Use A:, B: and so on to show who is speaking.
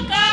A: Luca!